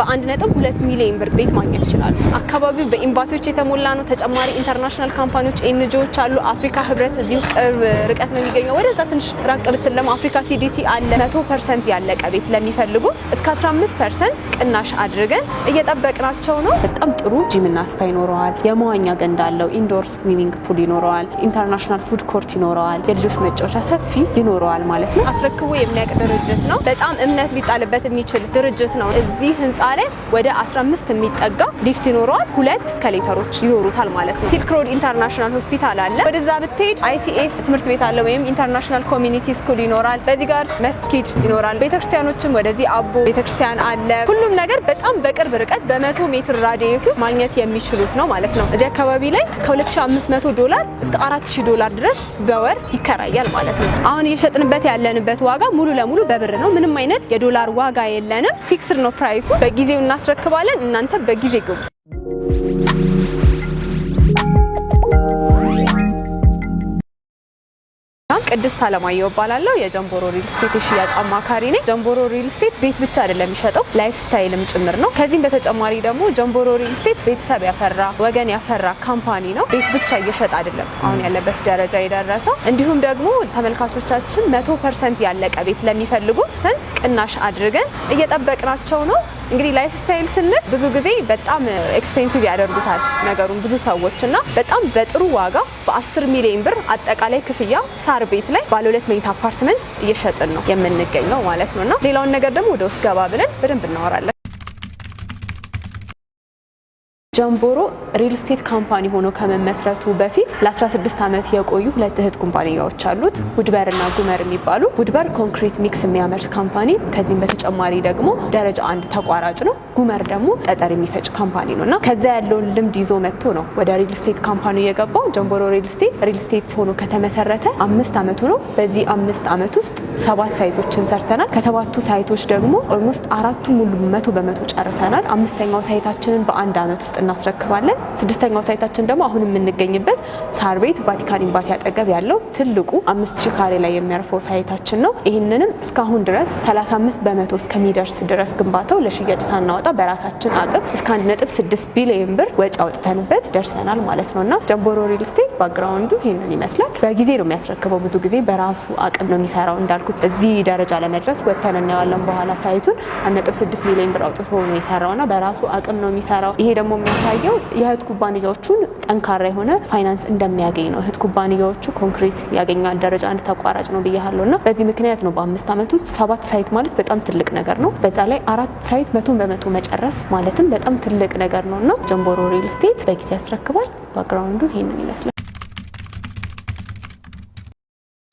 በአንድ ነጥብ ሁለት ሚሊዮን ብር ቤት ማግኘት ይችላሉ። አካባቢው በኤምባሲዎች የተሞላ ነው። ተጨማሪ ኢንተርናሽናል ካምፓኒዎች፣ ኤንጂዎች አሉ። አፍሪካ ህብረት እዚሁ ቅርብ ርቀት ነው የሚገኘው። ወደዛ ትንሽ ራቅ ብትል ደግሞ አፍሪካ ሲዲሲ አለ። መቶ ፐርሰንት ያለቀ ቤት ለሚፈልጉ እስከ 15 ፐርሰንት ቅናሽ አድርገን እየጠበቅናቸው ነው። በጣም ጥሩ ጂምና ስፓ ይኖረዋል። የመዋኛ ገንዳ አለው። ኢንዶር ስዊሚንግ ፑል ይኖረዋል። ኢንተርናሽናል ፉድ ኮርት ይኖረዋል። የልጆች መጫወቻ ሰፊ ይኖረዋል ማለት ነው። አስረክቦ የሚያውቅ ድርጅት ነው። በጣም እምነት ሊጣልበት የሚችል ድርጅት ነው። እዚህ ህንፃ ላይ ወደ 15 የሚጠጋ ሊፍት ይኖረዋል። ሁለት እስካሌተሮች ይኖሩታል ማለት ነው። ሲልክ ሮድ ኢንተርናሽናል ሆስፒታል አለ። ወደዛ ብትሄድ አይሲኤስ ትምህርት ቤት አለ፣ ወይም ኢንተርናሽናል ኮሚኒቲ ስኩል ይኖራል። በዚህ ጋር መስጊድ ይኖራል። ቤተክርስቲያኖችም ወደዚህ አቦ ቤተክርስቲያን አለ። ሁሉም ነገር በጣም በቅርብ ርቀት በመቶ ሜትር ራዲየስ ውስጥ ማግኘት የሚችሉት ነው ማለት ነው። እዚህ አካባቢ ላይ ከ2500 ዶላር እስከ 4000 ዶላር ድረስ በወር ይከራያል ማለት ነው። አሁን እየሸጥንበት ያለንበት ዋጋ ሙሉ ለሙሉ በብር ነው። ምንም አይነት የዶላር ዋጋ የለንም። ፊክስድ ነው ፕራይሱ። በጊዜው እናስረክባለን። እናንተ በጊዜ ግቡ። ቅድስት አለማየሁ እባላለሁ። የጀንቦሮ ሪል ስቴት የሽያጭ አማካሪ ነኝ። ጀንቦሮ ሪል ስቴት ቤት ብቻ አይደለም የሚሸጠው ላይፍ ስታይልም ጭምር ነው። ከዚህም በተጨማሪ ደግሞ ጀንቦሮ ሪል ስቴት ቤተሰብ ያፈራ ወገን ያፈራ ካምፓኒ ነው። ቤት ብቻ እየሸጠ አይደለም አሁን ያለበት ደረጃ የደረሰው። እንዲሁም ደግሞ ተመልካቾቻችን መቶ ፐርሰንት ያለቀ ቤት ለሚፈልጉ ስንት ቅናሽ አድርገን እየጠበቅናቸው ነው። እንግዲህ ላይፍ ስታይል ስንል ብዙ ጊዜ በጣም ኤክስፔንሲቭ ያደርጉታል ነገሩን ብዙ ሰዎች እና በጣም በጥሩ ዋጋ በ10 ሚሊዮን ብር አጠቃላይ ክፍያ ሳር ቤት ላይ ባለ ሁለት መኝታ አፓርትመንት እየሸጥን ነው የምንገኘው ማለት ነው እና ሌላውን ነገር ደግሞ ወደ ውስጥ ገባ ብለን በደንብ እናወራለን። ጀምቦሮ ሪል ስቴት ካምፓኒ ሆኖ ከመመስረቱ በፊት ለ16 ዓመት የቆዩ ሁለት እህት ኩባንያዎች አሉት፣ ውድበር እና ጉመር የሚባሉ። ውድበር ኮንክሪት ሚክስ የሚያመርት ካምፓኒ፣ ከዚህም በተጨማሪ ደግሞ ደረጃ አንድ ተቋራጭ ነው። ጉመር ደግሞ ጠጠር የሚፈጭ ካምፓኒ ነው እና ከዛ ያለውን ልምድ ይዞ መጥቶ ነው ወደ ሪል ስቴት ካምፓኒ የገባው። ጀምቦሮ ሪል ስቴት ሪል ስቴት ሆኖ ከተመሰረተ አምስት ዓመቱ ነው። በዚህ አምስት ዓመት ውስጥ ሰባት ሳይቶችን ሰርተናል። ከሰባቱ ሳይቶች ደግሞ ኦልሞስት አራቱ ሙሉ መቶ በመቶ ጨርሰናል። አምስተኛው ሳይታችንን በአንድ ዓመት ውስጥ እናስረክባለን። ስድስተኛው ሳይታችን ደግሞ አሁን የምንገኝበት ሳር ቤት ቫቲካን ኤምባሲ አጠገብ ያለው ትልቁ አምስት ሺህ ካሬ ላይ የሚያርፈው ሳይታችን ነው። ይህንንም እስካሁን ድረስ 35 በመቶ እስከሚደርስ ድረስ ግንባታው ለሽያጭ ሳናወጣ በራሳችን አቅም እስከ 1.6 ቢሊዮን ብር ወጪ አውጥተንበት ደርሰናል ማለት ነው እና ጀምቦሮ ሪል ስቴት ባክግራውንዱ ይህንን ይመስላል። በጊዜ ነው የሚያስረክበው። ብዙ ጊዜ በራሱ አቅም ነው የሚሰራው። እንዳልኩት እዚህ ደረጃ ለመድረስ ወተን እናየዋለን በኋላ ሳይቱን 1.6 ሚሊዮን ብር አውጥቶ ነው የሰራው እና በራሱ አቅም ነው የሚሰራው። ይሄ ደግሞ የሚያሳየው የእህት ኩባንያዎቹን ጠንካራ የሆነ ፋይናንስ እንደሚያገኝ ነው። እህት ኩባንያዎቹ ኮንክሪት ያገኛል ደረጃ አንድ ተቋራጭ ነው ብያለሁ እና በዚህ ምክንያት ነው በአምስት ዓመት ውስጥ ሰባት ሳይት ማለት በጣም ትልቅ ነገር ነው። በዛ ላይ አራት ሳይት መቶ በመቶ መጨረስ ማለትም በጣም ትልቅ ነገር ነው እና ጀንቦሮ ሪል ስቴት በጊዜ ያስረክባል። ባክግራውንዱ ይህንን ይመስላል።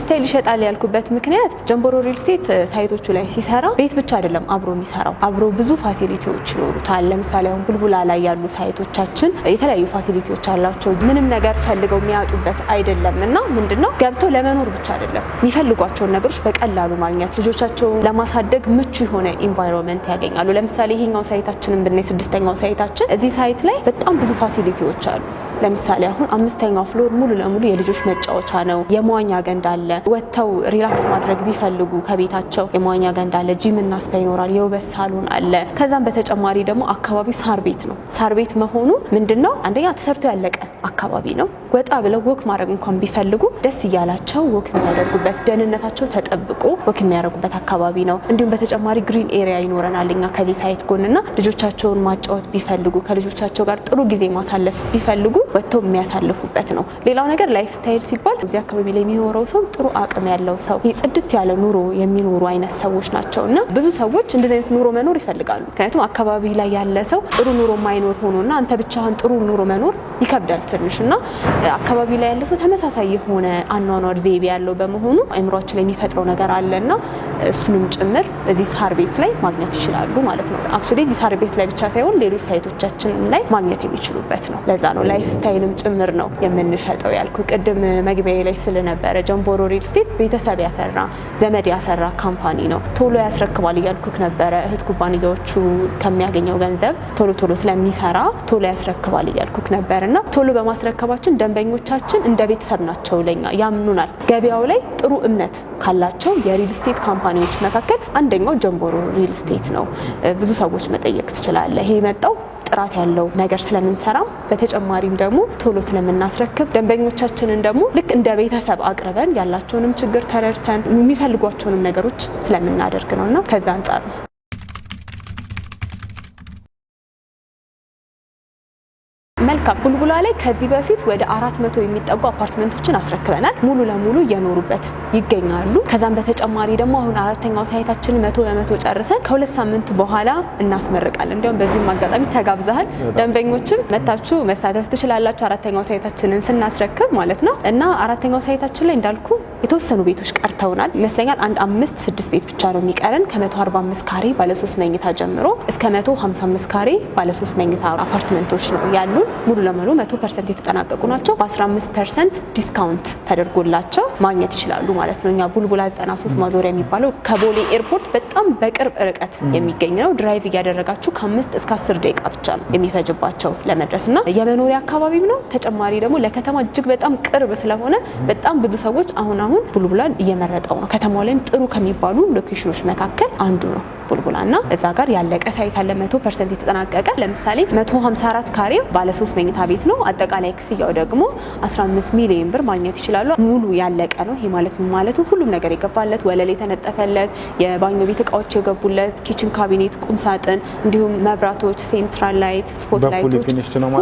ስቴል ይሸጣል ያልኩበት ምክንያት ጀንቦሮ ሪል ስቴት ሳይቶቹ ላይ ሲሰራ ቤት ብቻ አይደለም አብሮ የሚሰራው አብሮ ብዙ ፋሲሊቲዎች ይኖሩታል። ለምሳሌ አሁን ቡልቡላ ላይ ያሉ ሳይቶቻችን የተለያዩ ፋሲሊቲዎች አላቸው። ምንም ነገር ፈልገው የሚያጡበት አይደለም እና ምንድን ነው ገብተው ለመኖር ብቻ አይደለም የሚፈልጓቸውን ነገሮች በቀላሉ ማግኘት ልጆቻቸውን ለማሳደግ ምቹ የሆነ ኢንቫይሮንመንት ያገኛሉ። ለምሳሌ ይሄኛው ሳይታችንን ብናይ ስድስተኛው ሳይታችን እዚህ ሳይት ላይ በጣም ብዙ ፋሲሊቲዎች አሉ። ለምሳሌ አሁን አምስተኛው ፍሎር ሙሉ ለሙሉ የልጆች መጫወቻ ነው። የመዋኛ ገንዳ አለ። ወጥተው ሪላክስ ማድረግ ቢፈልጉ ከቤታቸው የመዋኛ ገንዳ አለ፣ ጂም እና ስፓ ይኖራል፣ የውበት ሳሎን አለ። ከዛም በተጨማሪ ደግሞ አካባቢው ሳር ቤት ነው። ሳር ቤት መሆኑ ምንድን ነው? አንደኛ ተሰርቶ ያለቀ አካባቢ ነው። ወጣ ብለው ወክ ማድረግ እንኳን ቢፈልጉ ደስ እያላቸው ወክ የሚያደርጉበት ደህንነታቸው ተጠብቆ ወክ የሚያደርጉበት አካባቢ ነው። እንዲሁም በተጨማሪ ግሪን ኤሪያ ይኖረናል እኛ ከዚህ ሳይት ጎንና ልጆቻቸውን ማጫወት ቢፈልጉ ከልጆቻቸው ጋር ጥሩ ጊዜ ማሳለፍ ቢፈልጉ ወጥተው የሚያሳልፉበት ነው። ሌላው ነገር ላይፍ ስታይል ሲባል እዚህ አካባቢ ላይ የሚኖረው ሰው ጥሩ ጥሩ አቅም ያለው ሰው ጽድት ያለ ኑሮ የሚኖሩ አይነት ሰዎች ናቸው እና ብዙ ሰዎች እንደዚህ አይነት ኑሮ መኖር ይፈልጋሉ። ምክንያቱም አካባቢ ላይ ያለ ሰው ጥሩ ኑሮ ሆኖ ሆኖና አንተ ብቻህን ጥሩ ኑሮ መኖር ይከብዳል ትንሽ እና አካባቢ ላይ ያለ ሰው ተመሳሳይ የሆነ አኗኗር ዘይቤ ያለው በመሆኑ አእምሯችን ላይ የሚፈጥረው ነገር አለና እሱንም ጭምር እዚህ ሳር ቤት ላይ ማግኘት ይችላሉ ማለት ነው። አክቹዋሊ እዚህ ሳር ቤት ላይ ብቻ ሳይሆን ሌሎች ሳይቶቻችን ላይ ማግኘት የሚችሉበት ነው። ለዛ ነው ላይፍ ስታይልም ጭምር ነው የምንሸጠው ያልኩ ቅድም መግቢያ ላይ ስለነበረ ጀምቦሮ ሪል ስቴት ቤተሰብ ያፈራ ዘመድ ያፈራ ካምፓኒ ነው። ቶሎ ያስረክባል እያልኩክ ነበረ። እህት ኩባንያዎቹ ከሚያገኘው ገንዘብ ቶሎ ቶሎ ስለሚሰራ ቶሎ ያስረክባል እያልኩክ ነበር እና ቶሎ በማስረከባችን ደንበኞቻችን እንደ ቤተሰብ ናቸው ለኛ፣ ያምኑናል። ገበያው ላይ ጥሩ እምነት ካላቸው የሪል ስቴት ካምፓኒዎች መካከል አንደኛው ጀንቦሮ ሪል ስቴት ነው። ብዙ ሰዎች መጠየቅ ትችላለ። ይሄ የመጣው ጥራት ያለው ነገር ስለምንሰራም በተጨማሪም ደግሞ ቶሎ ስለምናስረክብ ደንበኞቻችንን ደግሞ ልክ እንደ ቤተሰብ አቅርበን ያላቸውንም ችግር ተረድተን የሚፈልጓቸውንም ነገሮች ስለምናደርግ ነው እና ከዛ አንጻር ነው። ጫካ ቡልቡላ ላይ ከዚህ በፊት ወደ አራት መቶ የሚጠጉ አፓርትመንቶችን አስረክበናል። ሙሉ ለሙሉ እየኖሩበት ይገኛሉ። ከዛም በተጨማሪ ደግሞ አሁን አራተኛው ሳይታችን መቶ በመቶ ጨርሰን ከሁለት ሳምንት በኋላ እናስመርቃለን። እንዲሁም በዚህም አጋጣሚ ተጋብዘሃል። ደንበኞችም መታችሁ መሳተፍ ትችላላችሁ። አራተኛው ሳይታችንን ስናስረክብ ማለት ነው እና አራተኛው ሳይታችን ላይ እንዳልኩ የተወሰኑ ቤቶች ቀርተውናል ይመስለኛል። አንድ አምስት ስድስት ቤት ብቻ ነው የሚቀረን ከ145 ካሬ ባለሶስት መኝታ ጀምሮ እስከ 155 ካሬ ባለሶስት መኝታ አፓርትመንቶች ነው ያሉን። ሙሉ ለሙሉ መቶ ፐርሰንት የተጠናቀቁ ናቸው። በ15 ፐርሰንት ዲስካውንት ተደርጎላቸው ማግኘት ይችላሉ ማለት ነው። እኛ ቡልቡላ 93 ማዞሪያ የሚባለው ከቦሌ ኤርፖርት በጣም በቅርብ ርቀት የሚገኝ ነው። ድራይቭ እያደረጋችሁ ከአምስት እስከ አስር ደቂቃ ብቻ ነው የሚፈጅባቸው ለመድረስ እና የመኖሪያ አካባቢም ነው። ተጨማሪ ደግሞ ለከተማ እጅግ በጣም ቅርብ ስለሆነ በጣም ብዙ ሰዎች አሁን አሁን ቡልቡላን እየመረጠው ነው። ከተማው ላይም ጥሩ ከሚባሉ ሎኬሽኖች መካከል አንዱ ነው። ቡልቡላ እና እዛ ጋር ያለቀ ሳይት አለ መቶ ፐርሰንት የተጠናቀቀ ለምሳሌ 154 ካሬ ባለ 3 መኝታ ቤት ነው። አጠቃላይ ክፍያው ደግሞ 15 ሚሊዮን ብር ማግኘት ይችላሉ። ሙሉ ያለቀ ነው። ይሄ ማለት ምን ማለቱ ሁሉም ነገር የገባለት ወለል የተነጠፈለት፣ የባኞ ቤት እቃዎች የገቡለት፣ ኪችን ካቢኔት፣ ቁም ሳጥን እንዲሁም መብራቶች፣ ሴንትራል ላይት፣ ስፖት ላይቶች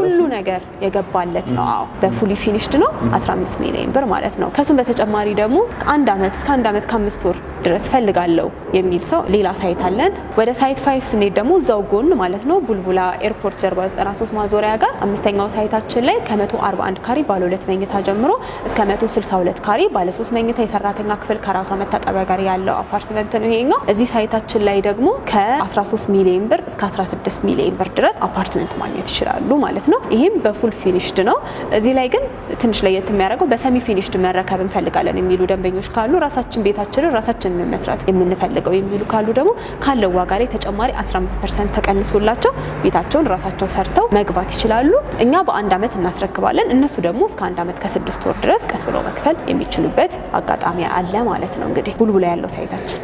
ሁሉ ነገር የገባለት ነው። አዎ በፉሊ ፊኒሽድ ነው 15 ሚሊዮን ብር ማለት ነው። ከሱም በተጨማሪ ደግሞ ከአንድ አመት እስከ አንድ አመት ከአምስት ወር ድረስ ፈልጋለሁ የሚል ሰው ሌላ ሳይት አለን። ወደ ሳይት ፋይቭ ስንሄድ ደግሞ እዛው ጎን ማለት ነው ቡልቡላ ኤርፖርት ጀርባ 93 ማዞሪያ ጋር አምስተኛው ሳይታችን ላይ ከ141 ካሬ ባለ ሁለት መኝታ ጀምሮ እስከ 162 ካሬ ባለ ሶስት መኝታ የሰራተኛ ክፍል ከራሷ መታጠቢያ ጋር ያለው አፓርትመንት ነው ይሄኛው። እዚህ ሳይታችን ላይ ደግሞ ከ13 ሚሊዮን ብር እስከ 16 ሚሊዮን ብር ድረስ አፓርትመንት ማግኘት ይችላሉ ማለት ነው። ይህም በፉል ፊኒሽድ ነው። እዚህ ላይ ግን ትንሽ ለየት የሚያደርገው በሰሚ ፊኒሽድ መረከብ እንፈልጋለን የሚሉ ደንበኞች ካሉ ራሳችን ቤታችንን ራሳችን ይህን መስራት የምንፈልገው የሚሉ ካሉ ደግሞ ካለው ዋጋ ላይ ተጨማሪ 15 ፐርሰንት ተቀንሶላቸው ቤታቸውን ራሳቸው ሰርተው መግባት ይችላሉ። እኛ በአንድ አመት እናስረክባለን። እነሱ ደግሞ እስከ አንድ ዓመት ከስድስት ወር ድረስ ቀስ ብለው መክፈል የሚችሉበት አጋጣሚ አለ ማለት ነው። እንግዲህ ቡልቡላ ያለው ሳይታችን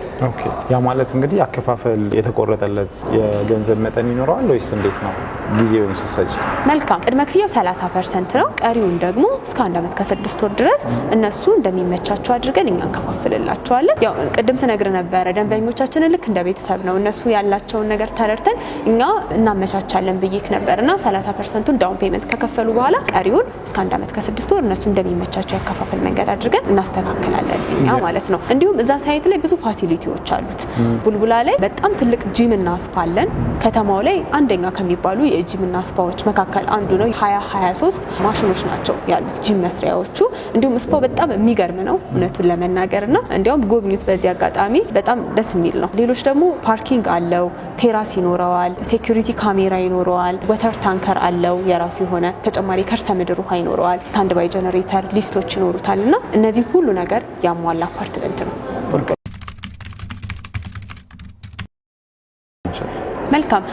ያ ማለት እንግዲህ አከፋፈል የተቆረጠለት የገንዘብ መጠን ይኖረዋል ወይስ እንዴት ነው? ጊዜውን ስሰጭ መልካም ቅድመ ክፍያው 30 ፐርሰንት ነው። ቀሪውን ደግሞ እስከ አንድ ዓመት ከስድስት ወር ድረስ እነሱ እንደሚመቻቸው አድርገን እኛ እንከፋፍልላቸዋለን። ቅድም ስነግር ነበረ ደንበኞቻችንን ልክ እንደ ቤተሰብ ነው። እነሱ ያላቸውን ነገር ተረድተን እኛ እናመቻቻለን ብይክ ነበር እና 30 ፐርሰንቱን ዳውን ፔመንት ከከፈሉ በኋላ ቀሪውን እስከ አንድ ዓመት ከስድስት ወር እነሱ እንደሚመቻቸው ያከፋፈል መንገድ አድርገን እናስተካክላለን እኛ ማለት ነው። እንዲሁም እዛ ሳይት ላይ ብዙ ፋሲሊቲዎች አሉት። ቡልቡላ ላይ በጣም ትልቅ ጂም እና ስፓ አለን። ከተማው ላይ አንደኛ ከሚባሉ የጂም እና ስፓዎች መካከል አንዱ ነው። 2023 ማሽኖች ናቸው ያሉት ጂም መስሪያዎቹ። እንዲሁም ስፓው በጣም የሚገርም ነው እውነቱን ለመናገር እና እንዲያውም ጎብኙት በዚህ በዚህ አጋጣሚ በጣም ደስ የሚል ነው። ሌሎች ደግሞ ፓርኪንግ አለው፣ ቴራስ ይኖረዋል፣ ሴኩሪቲ ካሜራ ይኖረዋል፣ ወተር ታንከር አለው የራሱ የሆነ ተጨማሪ ከርሰ ምድር ውሃ ይኖረዋል፣ ስታንድ ባይ ጀነሬተር፣ ሊፍቶች ይኖሩታል እና እነዚህ ሁሉ ነገር ያሟላ አፓርትመንት ነው። መልካም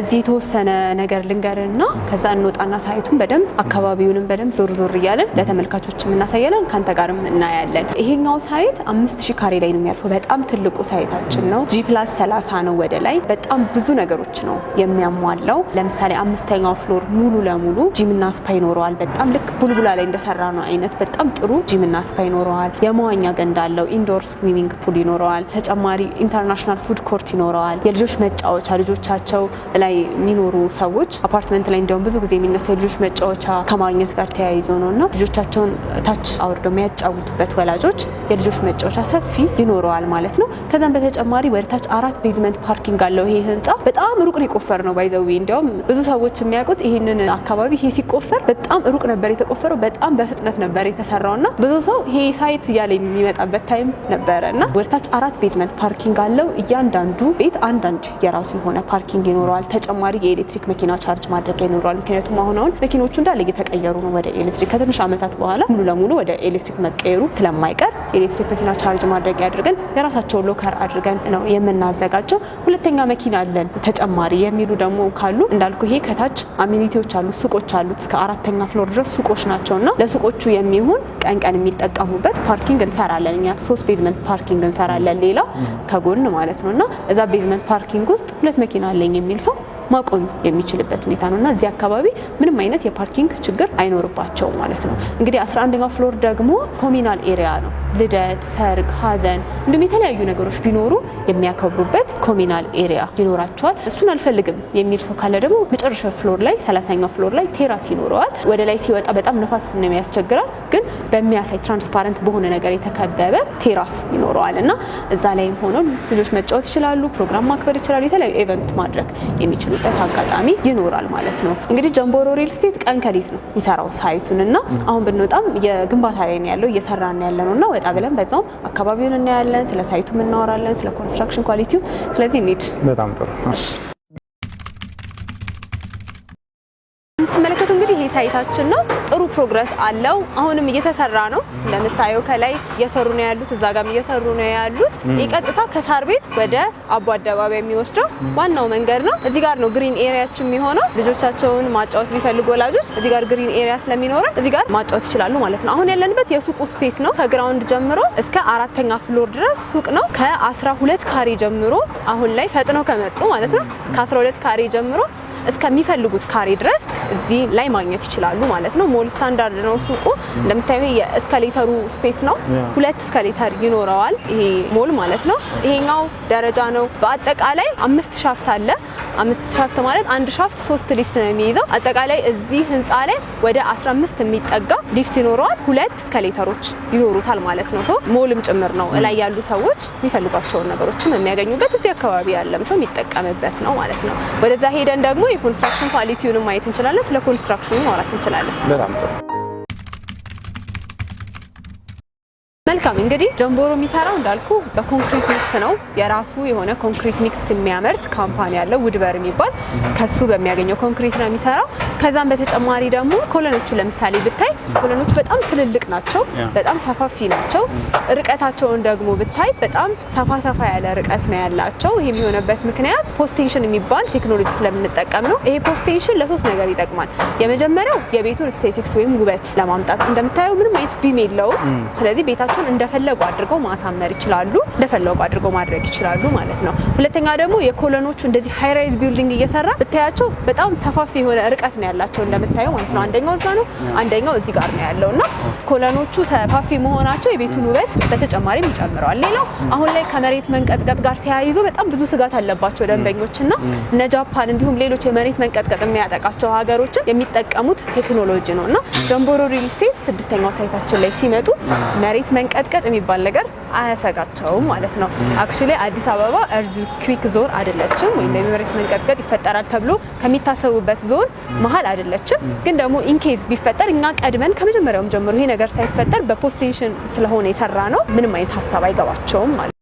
እዚህ የተወሰነ ነገር ልንገርና ከዛ እንወጣና ሳይቱን በደንብ አካባቢውንም በደንብ ዞር ዞር እያለን ለተመልካቾችም እናሳያለን፣ ከአንተ ጋርም እናያለን። ይሄኛው ሳይት አምስት ሺ ካሬ ላይ ነው የሚያርፈው። በጣም ትልቁ ሳይታችን ነው። ጂ ፕላስ ሰላሳ ነው ወደ ላይ። በጣም ብዙ ነገሮች ነው የሚያሟላው። ለምሳሌ አምስተኛው ፍሎር ሙሉ ለሙሉ ጂምና ስፓ ይኖረዋል። በጣም ልክ ቡልቡላ ላይ እንደሰራ ነው አይነት በጣም ጥሩ ጂምና ስፓ ይኖረዋል። የመዋኛ ገንዳ አለው። ኢንዶር ስዊሚንግ ፑል ይኖረዋል። ተጨማሪ ኢንተርናሽናል ፉድ ኮርት ይኖረዋል። የልጆች መጫወቻ ልጆቻቸው ላይ የሚኖሩ ሰዎች አፓርትመንት ላይ እንዲሁም ብዙ ጊዜ የሚነሳ የልጆች መጫወቻ ከማግኘት ጋር ተያይዞ ነው እና ልጆቻቸውን ታች አውርዶ የሚያጫውቱበት ወላጆች የልጆች መጫወቻ ሰፊ ይኖረዋል ማለት ነው። ከዛም በተጨማሪ ወደታች አራት ቤዝመንት ፓርኪንግ አለው ይሄ ህንፃ። በጣም ሩቅ ነው የቆፈር ነው ባይዘዊ። እንዲያውም ብዙ ሰዎች የሚያውቁት ይህንን አካባቢ ይሄ ሲቆፈር በጣም ሩቅ ነበር የተቆፈረው፣ በጣም በፍጥነት ነበር የተሰራው እና ብዙ ሰው ይሄ ሳይት እያለ የሚመጣበት ታይም ነበረ እና ወደታች አራት ቤዝመንት ፓርኪንግ አለው። እያንዳንዱ ቤት አንዳንድ የራሱ የሆነ ፓርኪንግ ይኖረዋል። ተጨማሪ የኤሌክትሪክ መኪና ቻርጅ ማድረግ ይኖረዋል። ምክንያቱም አሁን አሁን መኪኖቹ እንዳለ እየተቀየሩ ነው ወደ ኤሌክትሪክ ከትንሽ ዓመታት በኋላ ሙሉ ለሙሉ ወደ ኤሌክትሪክ መቀየሩ ስለማይቀር የኤሌክትሪክ መኪና ቻርጅ ማድረግ ያድርገን የራሳቸው ሎከር አድርገን ነው የምናዘጋጀው። ሁለተኛ መኪና አለን ተጨማሪ የሚሉ ደግሞ ካሉ እንዳልኩ ይሄ ከታች አሚኒቲዎች አሉ፣ ሱቆች አሉት። እስከ አራተኛ ፍሎር ድረስ ሱቆች ናቸውና ለሱቆቹ የሚሆን ቀን ቀን የሚጠቀሙበት ፓርኪንግ እንሰራለን እኛ። ሶስት ቤዝመንት ፓርኪንግ እንሰራለን፣ ሌላው ከጎን ማለት ነው እና እዛ ቤዝመንት ፓርኪንግ ውስጥ ሁለት መኪና አለኝ የሚል ሰው ማቆም የሚችልበት ሁኔታ ነው እና እዚህ አካባቢ ምንም አይነት የፓርኪንግ ችግር አይኖርባቸውም ማለት ነው። እንግዲህ 11ኛው ፍሎር ደግሞ ኮሚናል ኤሪያ ነው። ልደት፣ ሰርግ፣ ሀዘን እንዲሁም የተለያዩ ነገሮች ቢኖሩ የሚያከብሩበት ኮሚናል ኤሪያ ይኖራቸዋል። እሱን አልፈልግም የሚል ሰው ካለ ደግሞ መጨረሻ ፍሎር ላይ 30 ፍሎር ላይ ቴራስ ይኖረዋል። ወደ ላይ ሲወጣ በጣም ነፋስ ነው ያስቸግራል፣ ግን በሚያሳይ ትራንስፓረንት በሆነ ነገር የተከበበ ቴራስ ይኖረዋል እና እዛ ላይም ሆነው ልጆች መጫወት ይችላሉ፣ ፕሮግራም ማክበር ይችላሉ፣ የተለያዩ ኢቨንት ማድረግ የሚችሉ የሚያገኙበት አጋጣሚ ይኖራል ማለት ነው። እንግዲህ ጀምቦሮ ሪል ስቴት ቀን ከሌት ነው የሚሰራው ሳይቱን እና አሁን ብንወጣም የግንባታ ላይ ነው ያለው እየሰራ ያለ ነው እና ወጣ ብለን በዛው አካባቢውን እናያለን፣ ስለ ሳይቱም እናወራለን፣ ስለ ኮንስትራክሽን ኳሊቲው። ስለዚህ እንሂድ። በጣም ጥሩ ይህ ሳይታችን ነው። ጥሩ ፕሮግረስ አለው። አሁንም እየተሰራ ነው። እንደምታየው ከላይ እየሰሩ ነው ያሉት፣ እዛ ጋም እየሰሩ ነው ያሉት። ይህ ቀጥታ ከሳር ቤት ወደ አቦ አደባባይ የሚወስደው ዋናው መንገድ ነው። እዚህ ጋር ነው ግሪን ኤሪያችን የሚሆነው። ልጆቻቸውን ማጫወት ቢፈልጉ ወላጆች እዚህ ጋር ግሪን ኤሪያ ስለሚኖረን እዚህ ጋር ማጫወት ይችላሉ ማለት ነው። አሁን ያለንበት የሱቁ ስፔስ ነው። ከግራውንድ ጀምሮ እስከ አራተኛ ፍሎር ድረስ ሱቅ ነው። ከ12 ካሬ ጀምሮ አሁን ላይ ፈጥነው ከመጡ ማለት ነው ከ12 ካሬ ጀምሮ እስከሚፈልጉት ካሬ ድረስ እዚህ ላይ ማግኘት ይችላሉ ማለት ነው። ሞል ስታንዳርድ ነው ሱቁ። እንደምታዩ የእስካሌተሩ ስፔስ ነው። ሁለት እስከሌተር ይኖረዋል ይሄ ሞል ማለት ነው። ይሄኛው ደረጃ ነው። በአጠቃላይ አምስት ሻፍት አለ። አምስት ሻፍት ማለት አንድ ሻፍት ሶስት ሊፍት ነው የሚይዘው። አጠቃላይ እዚህ ህንፃ ላይ ወደ 15 የሚጠጋ ሊፍት ይኖረዋል። ሁለት እስካሌተሮች ይኖሩታል ማለት ነው። ሞልም ጭምር ነው። እላይ ያሉ ሰዎች የሚፈልጓቸውን ነገሮችም የሚያገኙበት እዚህ አካባቢ ያለም ሰው የሚጠቀምበት ነው ማለት ነው። ወደዛ ሄደን ደግሞ የኮንስትራክሽን ኳሊቲውንም ማየት እንችላለን። ስለ ኮንስትራክሽኑ ማውራት እንችላለን። በጣም ጥሩ መልካም እንግዲህ ጀንቦሮ የሚሰራው እንዳልኩ በኮንክሪት ሚክስ ነው። የራሱ የሆነ ኮንክሪት ሚክስ የሚያመርት ካምፓኒ ያለው ውድበር የሚባል ከሱ በሚያገኘው ኮንክሪት ነው የሚሰራው። ከዛም በተጨማሪ ደግሞ ኮለኖቹ ለምሳሌ ብታይ ኮለኖቹ በጣም ትልልቅ ናቸው፣ በጣም ሰፋፊ ናቸው። ርቀታቸውን ደግሞ ብታይ በጣም ሰፋ ሰፋ ያለ ርቀት ነው ያላቸው። ይህ የሚሆነበት ምክንያት ፖስቴንሽን የሚባል ቴክኖሎጂ ስለምንጠቀም ነው። ይሄ ፖስቴንሽን ለሶስት ነገር ይጠቅማል። የመጀመሪያው የቤቱን ስቴቲክስ ወይም ውበት ለማምጣት እንደምታየው ምንም አይነት ቢም የለውም። ስለዚህ ቤታቸውን እንደፈለጉ አድርገው ማሳመር ይችላሉ፣ እንደፈለጉ አድርገው ማድረግ ይችላሉ ማለት ነው። ሁለተኛ ደግሞ የኮሎኖቹ እንደዚህ ሃይራይዝ ቢልዲንግ እየሰራ ብታያቸው በጣም ሰፋፊ የሆነ ርቀት ነው ያላቸው እንደምታየው ማለት ነው። አንደኛው እዛ ነው፣ አንደኛው እዚህ ጋር ነው ያለው እና ኮሎኖቹ ሰፋፊ መሆናቸው የቤቱን ውበት በተጨማሪም ይጨምረዋል። ሌላው አሁን ላይ ከመሬት መንቀጥቀጥ ጋር ተያይዞ በጣም ብዙ ስጋት አለባቸው ደንበኞች እና እነ ጃፓን እንዲሁም ሌሎች የመሬት መንቀጥቀጥ የሚያጠቃቸው ሀገሮችን የሚጠቀሙት ቴክኖሎጂ ነው እና ጀምቦሮ ሪል ስቴት ስድስተኛው ሳይታችን ላይ ሲመጡ መሬት መንቀ መንቀጥቀጥ የሚባል ነገር አያሰጋቸውም ማለት ነው። አክቹሊ አዲስ አበባ እርዝ ኩዊክ ዞን አይደለችም፣ ወይም የመሬት መንቀጥቀጥ ይፈጠራል ተብሎ ከሚታሰቡበት ዞን መሀል አይደለችም። ግን ደግሞ ኢንኬዝ ቢፈጠር እኛ ቀድመን ከመጀመሪያውም ጀምሮ ይሄ ነገር ሳይፈጠር በፖስቴሽን ስለሆነ የሰራ ነው ምንም አይነት ሀሳብ አይገባቸውም ማለት ነው።